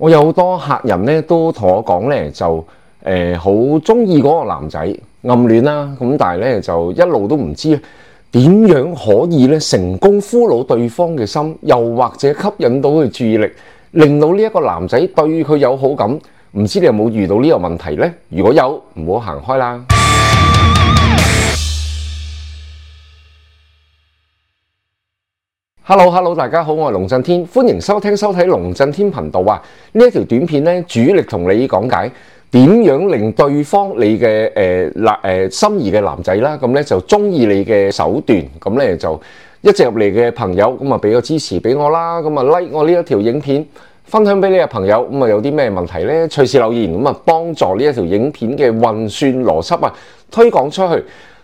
我有好多客人咧，都同我講咧，就誒好中意嗰個男仔暗戀啦，啊，咁但係咧就一路都唔知點樣可以咧成功俘虜對方嘅心，又或者吸引到佢注意力，令到呢一個男仔對佢有好感。唔知你有冇遇到呢個問題咧？如果有，唔好行開啦。Hello，Hello，Hello，大家好，我係龍震天，歡迎收聽收睇龍震天頻道啊！呢一條短片呢，主力同你講解點樣令對方你嘅誒誒心儀嘅男仔啦，咁呢就中意你嘅手段，咁呢就一直入嚟嘅朋友，咁啊俾個支持俾我啦，咁啊 like 我呢一條影片，分享俾你嘅朋友，咁啊有啲咩問題呢，隨時留言，咁啊幫助呢一條影片嘅運算邏輯啊推廣出去。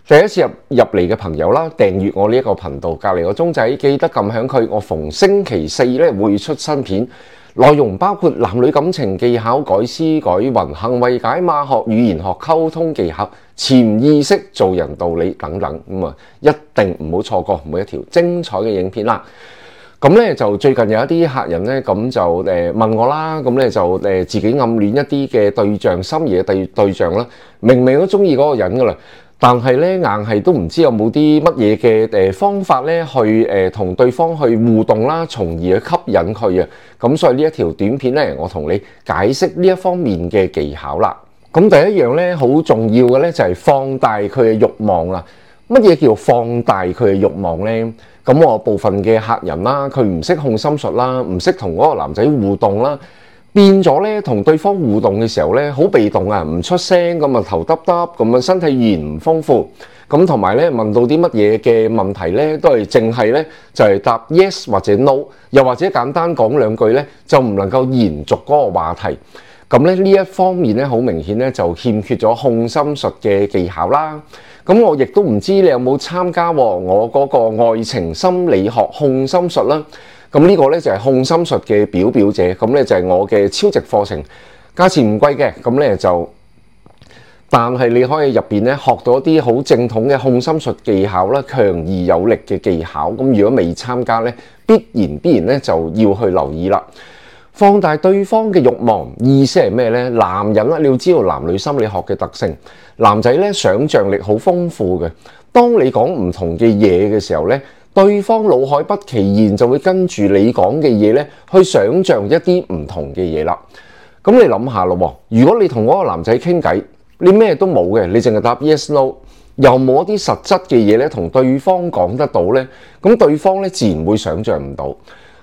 第一次入入嚟嘅朋友啦，訂閱我呢一個頻道，隔籬個鐘仔記得撳響佢。我逢星期四咧會出新片，內容包括男女感情技巧、改思改運、行為解碼、學語言學、溝通技巧、潛意識、做人道理等等。咁啊，一定唔好錯過每一條精彩嘅影片啦。咁咧就最近有一啲客人咧，咁就誒問我啦，咁咧就誒自己暗戀一啲嘅對象，心儀嘅對對象啦，明明都中意嗰個人噶啦。但係咧，硬係都唔知有冇啲乜嘢嘅誒方法咧，去誒同對方去互動啦，從而去吸引佢啊。咁所以呢一條短片咧，我同你解釋呢一方面嘅技巧啦。咁第一樣咧，好重要嘅咧，就係放大佢嘅慾望啦。乜嘢叫放大佢嘅慾望咧？咁我部分嘅客人啦，佢唔識控心術啦，唔識同嗰個男仔互動啦。變咗咧，同對方互動嘅時候咧，好被動啊，唔出聲咁啊，頭耷耷咁啊，身體語言唔豐富咁，同埋咧問到啲乜嘢嘅問題咧，都係淨係咧就係答 yes 或者 no，又或者簡單講兩句咧，就唔能夠延續嗰個話題。咁咧呢一方面咧，好明顯咧就欠缺咗控心術嘅技巧啦。咁我亦都唔知你有冇參加我嗰個愛情心理學控心術啦。咁呢個呢，就係控心術嘅表表者，咁呢，就係我嘅超值課程，價錢唔貴嘅，咁呢，就，但係你可以入面呢，學到一啲好正統嘅控心術技巧啦，強而有力嘅技巧。咁如果未參加呢，必然必然呢，就要去留意啦。放大對方嘅慾望，意思係咩呢？男人呢，你要知道男女心理學嘅特性，男仔呢，想像力好豐富嘅。當你講唔同嘅嘢嘅時候呢。對方腦海不其然就會跟住你講嘅嘢咧，去想像一啲唔同嘅嘢啦。咁你諗下咯，如果你同嗰個男仔傾偈，你咩都冇嘅，你淨係答 yes no，又冇一啲實質嘅嘢咧，同對方講得到咧，咁對方咧自然會想像唔到。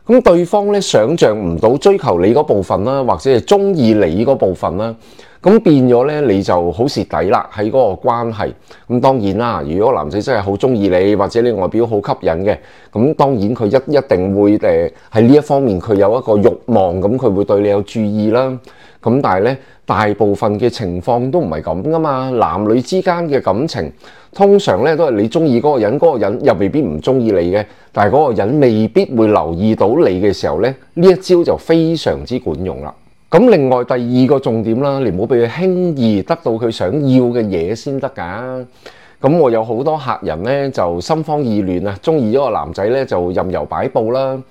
咁對方咧想像唔到追求你嗰部分啦，或者係中意你嗰部分啦，咁變咗咧你就好蝕底啦喺嗰個關係。咁當然啦，如果男仔真係好中意你，或者你外表好吸引嘅，咁當然佢一一定會誒喺呢一方面佢有一個慾望，咁佢會對你有注意啦。咁但係咧，大部分嘅情況都唔係咁噶嘛，男女之間嘅感情通常咧都係你中意嗰個人，嗰個人又未必唔中意你嘅，但係嗰個人未必會留意到你嘅時候咧，呢一招就非常之管用啦。咁另外第二個重點啦，你唔好俾佢輕易得到佢想要嘅嘢先得噶。咁我有好多客人咧就心慌意亂啊，中意嗰個男仔咧就任由擺佈啦。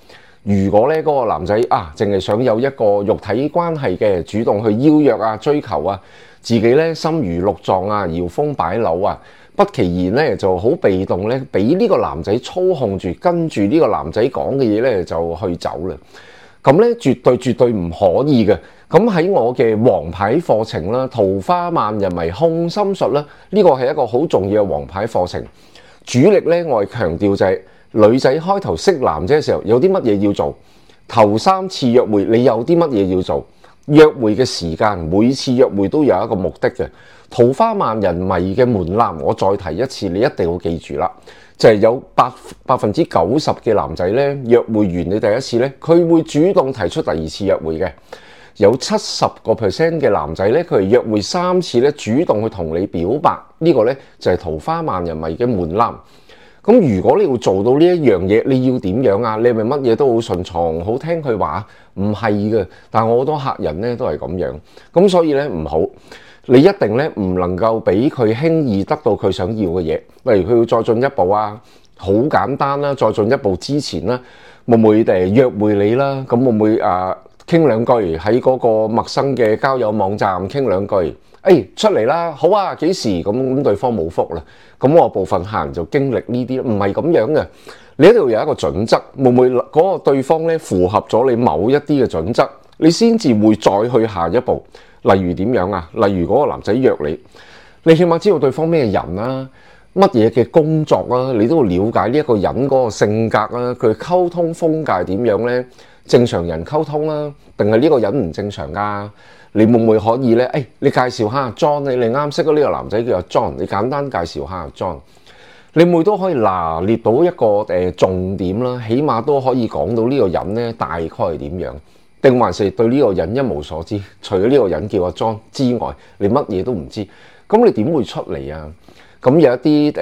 如果咧嗰個男仔啊，淨係想有一個肉體關係嘅，主動去邀約啊、追求啊，自己咧心如鹿撞啊、搖風擺柳啊，不期然咧就好被動咧，俾呢個男仔操控住，跟住呢個男仔講嘅嘢咧就去走啦。咁咧絕對絕對唔可以嘅。咁喺我嘅王牌課程啦，《桃花萬人迷控心術》啦，呢個係一個好重要嘅王牌課程。主力咧，我係強調就係、是。女仔開頭識男仔嘅時候，有啲乜嘢要做？頭三次約會你有啲乜嘢要做？約會嘅時間，每次約會都有一個目的嘅。桃花萬人迷嘅門檻，我再提一次，你一定要記住啦。就係、是、有百百分之九十嘅男仔呢，約會完你第一次呢，佢會主動提出第二次約會嘅。有七十個 percent 嘅男仔呢，佢係約會三次呢，主動去同你表白。呢、這個呢，就係桃花萬人迷嘅門檻。咁如果你要做到呢一樣嘢，你要點樣啊？你係咪乜嘢都好順從，好聽佢話？唔係嘅，但係我好多客人咧都係咁樣，咁所以咧唔好，你一定咧唔能夠俾佢輕易得到佢想要嘅嘢。例如佢要再進一步啊，好簡單啦，再進一步之前咧，會唔會誒約會你啦？咁會唔會啊傾兩句喺嗰個陌生嘅交友網站傾兩句？哎，出嚟啦！好啊，幾時？咁咁，對方冇覆啦。咁我部分客人就經歷呢啲唔係咁樣嘅。你一定要有一個準則，會唔會嗰個對方咧符合咗你某一啲嘅準則，你先至會再去下一步。例如點樣啊？例如嗰個男仔約你，你起碼知道對方咩人啊，乜嘢嘅工作啊，你都要了解呢一個人嗰個性格啊，佢溝通風格係點樣呢？正常人溝通啦，定係呢個人唔正常噶？你會唔會可以咧？誒、哎，你介紹下 John，你你啱識咗呢個男仔叫阿 John，你簡單介紹下 John。你會唔會都可以拿捏到一個誒重點啦，起碼都可以講到呢個人咧大概係點樣，定還是對呢個人一無所知，除咗呢個人叫阿 John 之外，你乜嘢都唔知。咁你點會出嚟啊？咁有一啲誒、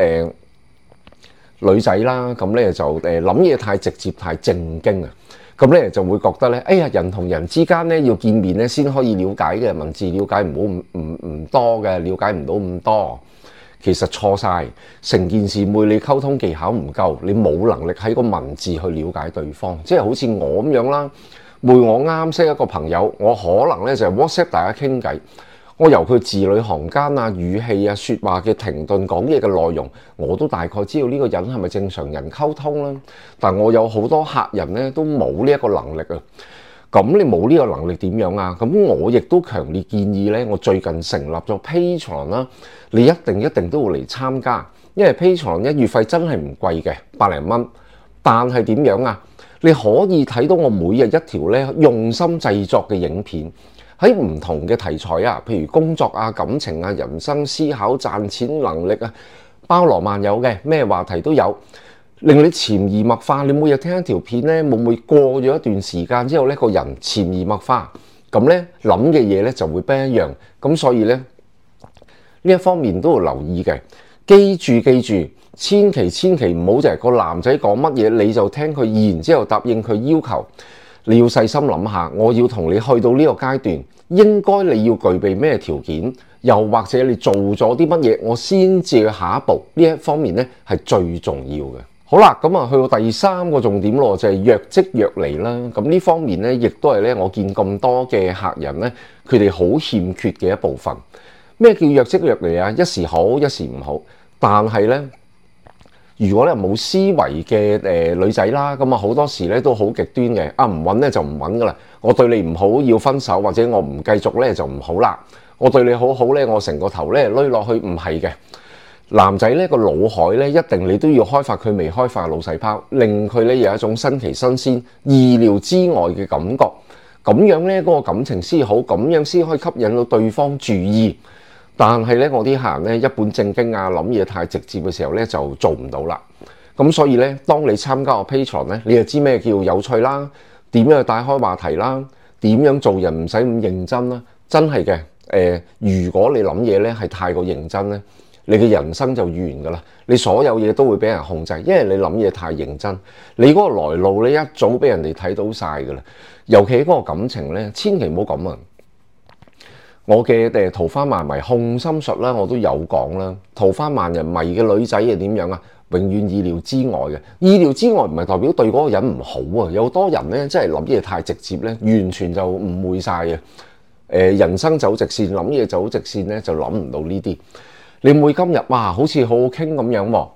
呃、女仔啦，咁咧就誒諗嘢太直接，太正經啊！咁咧就會覺得咧，哎呀，人同人之間咧要見面咧先可以了解嘅，文字了解唔好唔唔多嘅，了解唔到咁多。其實錯晒，成件事背你溝通技巧唔夠，你冇能力喺個文字去了解對方，即係好似我咁樣啦。每我啱啱識一個朋友，我可能咧就係 WhatsApp 大家傾偈。我由佢字裏行間啊、語氣啊、說話嘅停頓、講嘢嘅內容，我都大概知道呢個人係咪正常人溝通啦。但我有好多客人呢，都冇呢一個能力啊。咁你冇呢個能力點樣啊？咁我亦都強烈建議呢，我最近成立咗 Patreon 啦，你一定一定都會嚟參加，因為 Patreon 一月費真係唔貴嘅，百零蚊。但係點樣啊？你可以睇到我每日一條呢用心製作嘅影片。喺唔同嘅題材啊，譬如工作啊、感情啊、人生思考、賺錢能力啊，包羅萬有嘅，咩話題都有，令你潛移默化。你每日聽一條片呢，會唔會過咗一段時間之後呢個人潛移默化，咁呢，諗嘅嘢呢就會不一樣。咁所以呢，呢一方面都要留意嘅，記住記住，千祈千祈唔好就係個男仔講乜嘢你就聽佢，然之後答應佢要求。你要細心諗下，我要同你去到呢個階段，應該你要具備咩條件，又或者你做咗啲乜嘢，我先至去下一步呢一方面咧係最重要嘅。好啦，咁啊去到第三個重點咯，就係若即若離啦。咁呢方面咧，亦都係咧我見咁多嘅客人咧，佢哋好欠缺嘅一部分。咩叫若即若離啊？一時好，一時唔好，但係咧。如果咧冇思維嘅女仔啦，咁啊好多時咧都好極端嘅，啊唔揾咧就唔揾㗎啦，我對你唔好要，要分手，或者我唔繼續咧就唔好啦，我對你好好咧，我成個頭咧攣落去唔係嘅，男仔咧個腦海咧一定你都要開發佢未開發嘅腦細胞，令佢咧有一種新奇新鮮、意料之外嘅感覺，咁樣咧嗰個感情先好，咁樣先可以吸引到對方注意。但係咧，我啲客人咧一本正經啊，諗嘢太直接嘅時候咧，就做唔到啦。咁所以咧，當你參加個 Patreon 咧，你就知咩叫有趣啦，點樣帶開話題啦，點樣做人唔使咁認真啦。真係嘅，誒，如果你諗嘢咧係太過認真咧，你嘅人生就完㗎啦。你所有嘢都會俾人控制，因為你諗嘢太認真，你嗰個來路呢一早俾人哋睇到晒㗎啦。尤其嗰個感情咧，千祈唔好咁啊！我嘅桃花萬迷控心術啦，我都有講啦。桃花萬人迷嘅女仔係點樣啊？永遠意料之外嘅，意料之外唔係代表對嗰個人唔好啊。有好多人呢，真係諗嘢太直接呢，完全就誤會晒嘅。人生走直線，諗嘢走直線呢，就諗唔到呢啲。你會今日哇，好似好好傾咁樣喎。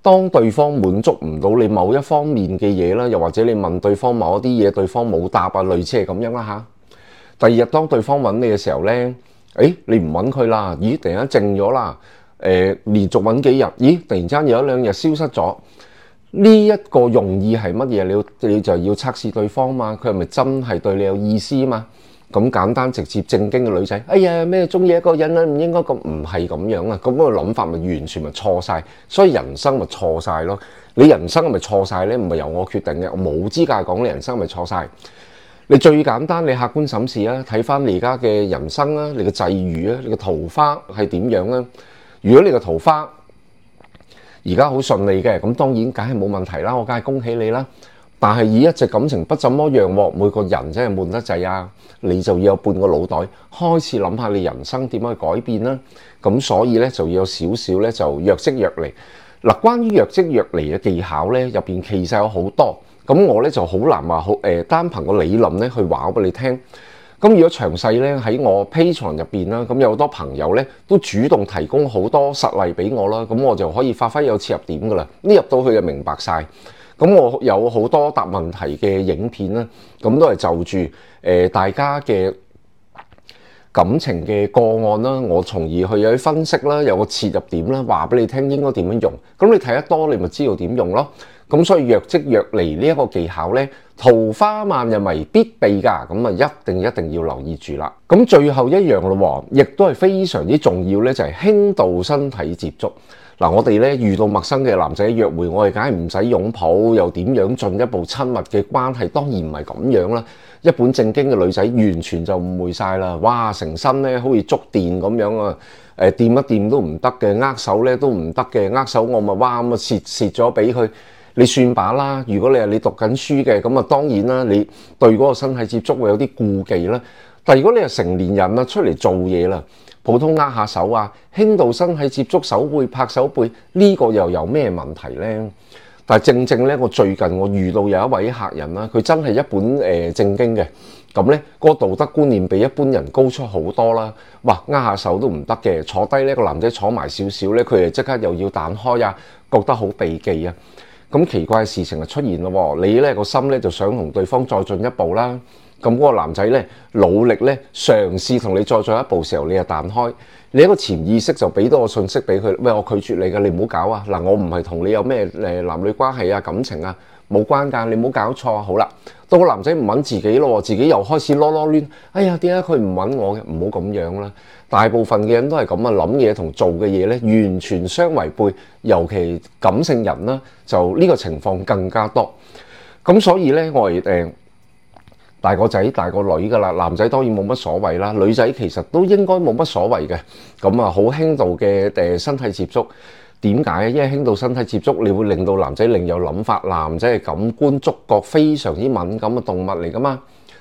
當對方滿足唔到你某一方面嘅嘢啦，又或者你問對方某一啲嘢，對方冇答啊，類似係咁樣啦嚇。第二日當對方揾你嘅時候呢，誒、欸、你唔揾佢啦，咦突然間靜咗啦，誒、欸、連續揾幾日，咦突然間間有一兩日消失咗，呢、這、一個用意係乜嘢？你你就要測試對方嘛，佢係咪真係對你有意思嘛？咁簡單直接正經嘅女仔，哎呀咩中意一個人啊，唔應該咁唔係咁樣啊，咁、那個諗法咪完全咪錯晒，所以人生咪錯晒咯。你人生咪錯晒呢？唔係由我決定嘅，我冇資格講你人生咪錯晒。你最簡單，你客觀審視啊，睇翻你而家嘅人生啊，你嘅際遇啊，你嘅桃花係點樣咧？如果你嘅桃花而家好順利嘅，咁當然梗係冇問題啦，我梗係恭喜你啦。但係以一直感情不怎麼樣喎，每個人真係悶得滯啊，你就要有半個腦袋開始諗下你人生點樣去改變啦。咁所以咧就要有少少咧就若即若離。嗱，關於若即若離嘅技巧咧，入邊其實有好多。咁我咧就好難話好誒，單憑個理論咧去話俾你聽。咁如果詳細咧喺我 Patreon 入邊啦，咁有好多朋友咧都主動提供好多實例俾我啦，咁我就可以發揮有切入點噶啦。呢入到去就明白晒。咁我有好多答問題嘅影片啦，咁都係就住誒、呃、大家嘅感情嘅個案啦，我從而去有啲分析啦，有個切入點啦，話俾你聽應該點樣用。咁你睇得多，你咪知道點用咯。咁所以若即若離呢一個技巧咧，桃花萬人迷必備㗎，咁啊一定一定要留意住啦。咁最後一樣咯喎，亦都係非常之重要咧，就係輕度身體接觸。嗱，我哋咧遇到陌生嘅男仔約會，我哋梗係唔使擁抱，又點樣進一步親密嘅關係？當然唔係咁樣啦。一本正經嘅女仔完全就誤會曬啦。哇！成身咧好似觸電咁樣啊！誒，掂一掂都唔得嘅，握手咧都唔得嘅，握手我咪哇咁蝕蝕咗俾佢。你算把啦。如果你係你讀緊書嘅咁啊，當然啦，你對嗰個身體接觸會有啲顧忌啦。但如果你係成年人啦，出嚟做嘢啦，普通握下手啊，輕度身體接觸手背拍手背呢、呢個又有咩問題呢？但正正呢，我最近我遇到有一位客人啦，佢真係一本誒、呃、正經嘅咁呢、呢個道德觀念比一般人高出好多啦。哇，握下手都唔得嘅，坐低呢個男仔坐埋少少呢，佢就即刻又要彈開啊，覺得好避忌啊。咁奇怪嘅事情就出現咯喎，你呢個心呢，就想同對方再進一步啦，咁、那、嗰個男仔呢，努力呢，嘗試同你再進一步時候，你就彈開，你一個潛意識就俾多個信息俾佢，喂，我拒絕你㗎，你唔好搞啊，嗱，我唔係同你有咩誒男女關係啊，感情啊。冇關噶，你冇搞錯啊！好啦，到個男仔唔揾自己咯，自己又開始囉囉攣。哎呀，點解佢唔揾我嘅？唔好咁樣啦。大部分嘅人都係咁啊，諗嘢同做嘅嘢呢，完全相違背，尤其感性人啦，就呢個情況更加多。咁所以呢，我誒大個仔大個女噶啦，男仔當然冇乜所謂啦，女仔其實都應該冇乜所謂嘅。咁啊，好輕度嘅誒身體接觸。點解？因為輕度身體接觸，你會令到男仔另有諗法。男仔係感官觸覺非常之敏感嘅動物嚟噶嘛。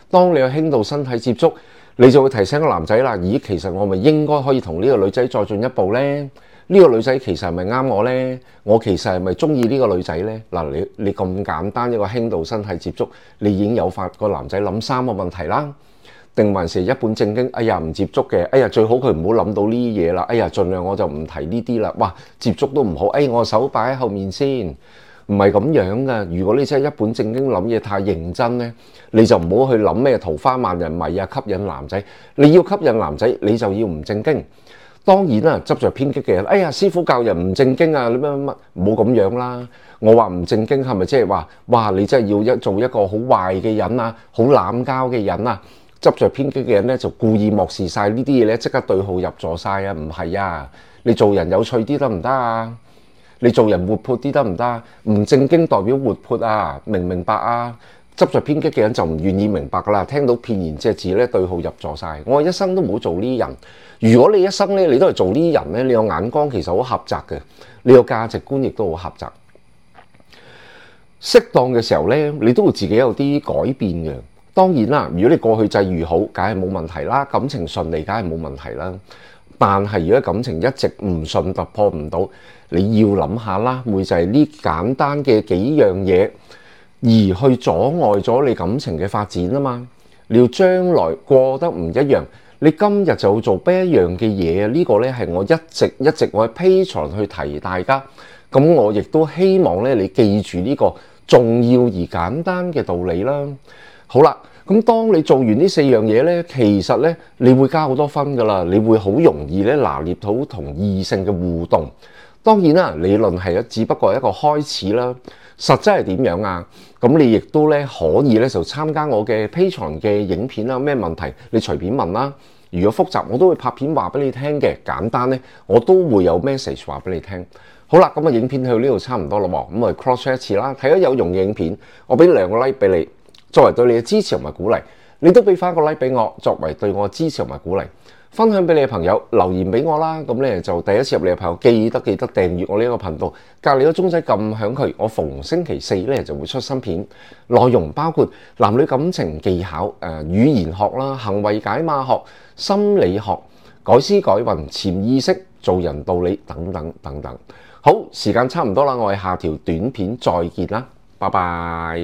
當你有輕度身體接觸，你就會提醒個男仔啦。咦，其實我咪應該可以同呢個女仔再進一步呢？呢個女仔其實係咪啱我呢？我其實係咪中意呢個女仔呢？嗱，你你咁簡單一個輕度身體接觸，你已經有發個男仔諗三個問題啦。定還是一本正經？哎呀，唔接觸嘅，哎呀，最好佢唔好諗到呢啲嘢啦。哎呀，儘量我就唔提呢啲啦。哇，接觸都唔好。哎，我手擺喺後面先，唔係咁樣噶。如果你真係一本正經諗嘢太認真呢，你就唔好去諗咩桃花萬人迷啊，吸引男仔。你要吸引男仔，你就要唔正經。當然啦，執著偏激嘅人，哎呀，師傅教人唔正經啊，你乜乜乜唔好咁樣啦。我話唔正經係咪即係話哇？你真係要一做一個好壞嘅人啊，好濫交嘅人啊？執着偏激嘅人呢，就故意漠視晒呢啲嘢呢，即刻對號入座晒啊！唔係呀，你做人有趣啲得唔得啊？你做人活潑啲得唔得？唔正經代表活潑啊？明唔明白啊？執着偏激嘅人就唔願意明白噶啦，聽到片言隻字呢，對號入座晒，我一生都冇做呢啲人。如果你一生呢，你都係做呢啲人呢，你個眼光其實好狹窄嘅，你個價值觀亦都好狹窄。適當嘅時候呢，你都會自己有啲改變嘅。當然啦，如果你過去際遇好，梗係冇問題啦，感情順利梗係冇問題啦。但係如果感情一直唔順，突破唔到，你要諗下啦，會就係呢簡單嘅幾樣嘢而去阻礙咗你感情嘅發展啊嘛。你要將來過得唔一樣，你今日就要做邊一樣嘅嘢啊？呢個呢係我一直一直我喺 Patreon 去提大家，咁我亦都希望呢你記住呢個重要而簡單嘅道理啦。好啦，咁當你做完呢四樣嘢呢，其實呢，你會加好多分㗎啦。你會好容易呢，拿捏到同異性嘅互動。當然啦，理論係一，只不過係一個開始啦。實質係點樣啊？咁你亦都呢，可以呢，就參加我嘅 Patreon 嘅影片啦。咩問題你隨便問啦。如果複雜，我都會拍片話俾你聽嘅。簡單呢，我都會有 message 話俾你聽。好啦，咁啊，影片去到呢度差唔多啦喎。咁我哋 cross check 一次啦。睇咗有用嘅影片，我俾兩個 like 俾你。作為對你嘅支持同埋鼓勵，你都俾翻個 like 俾我，作為對我支持同埋鼓勵，分享俾你嘅朋友，留言俾我啦。咁咧就第一次入嚟嘅朋友，記得記得訂閱我呢個頻道，隔離個鐘仔咁響佢。我逢星期四咧就會出新片，內容包括男女感情技巧、誒、呃、語言學啦、行為解碼學、心理學、改思改運、潛意識、做人道理等等等等。好，時間差唔多啦，我哋下條短片再見啦，拜拜。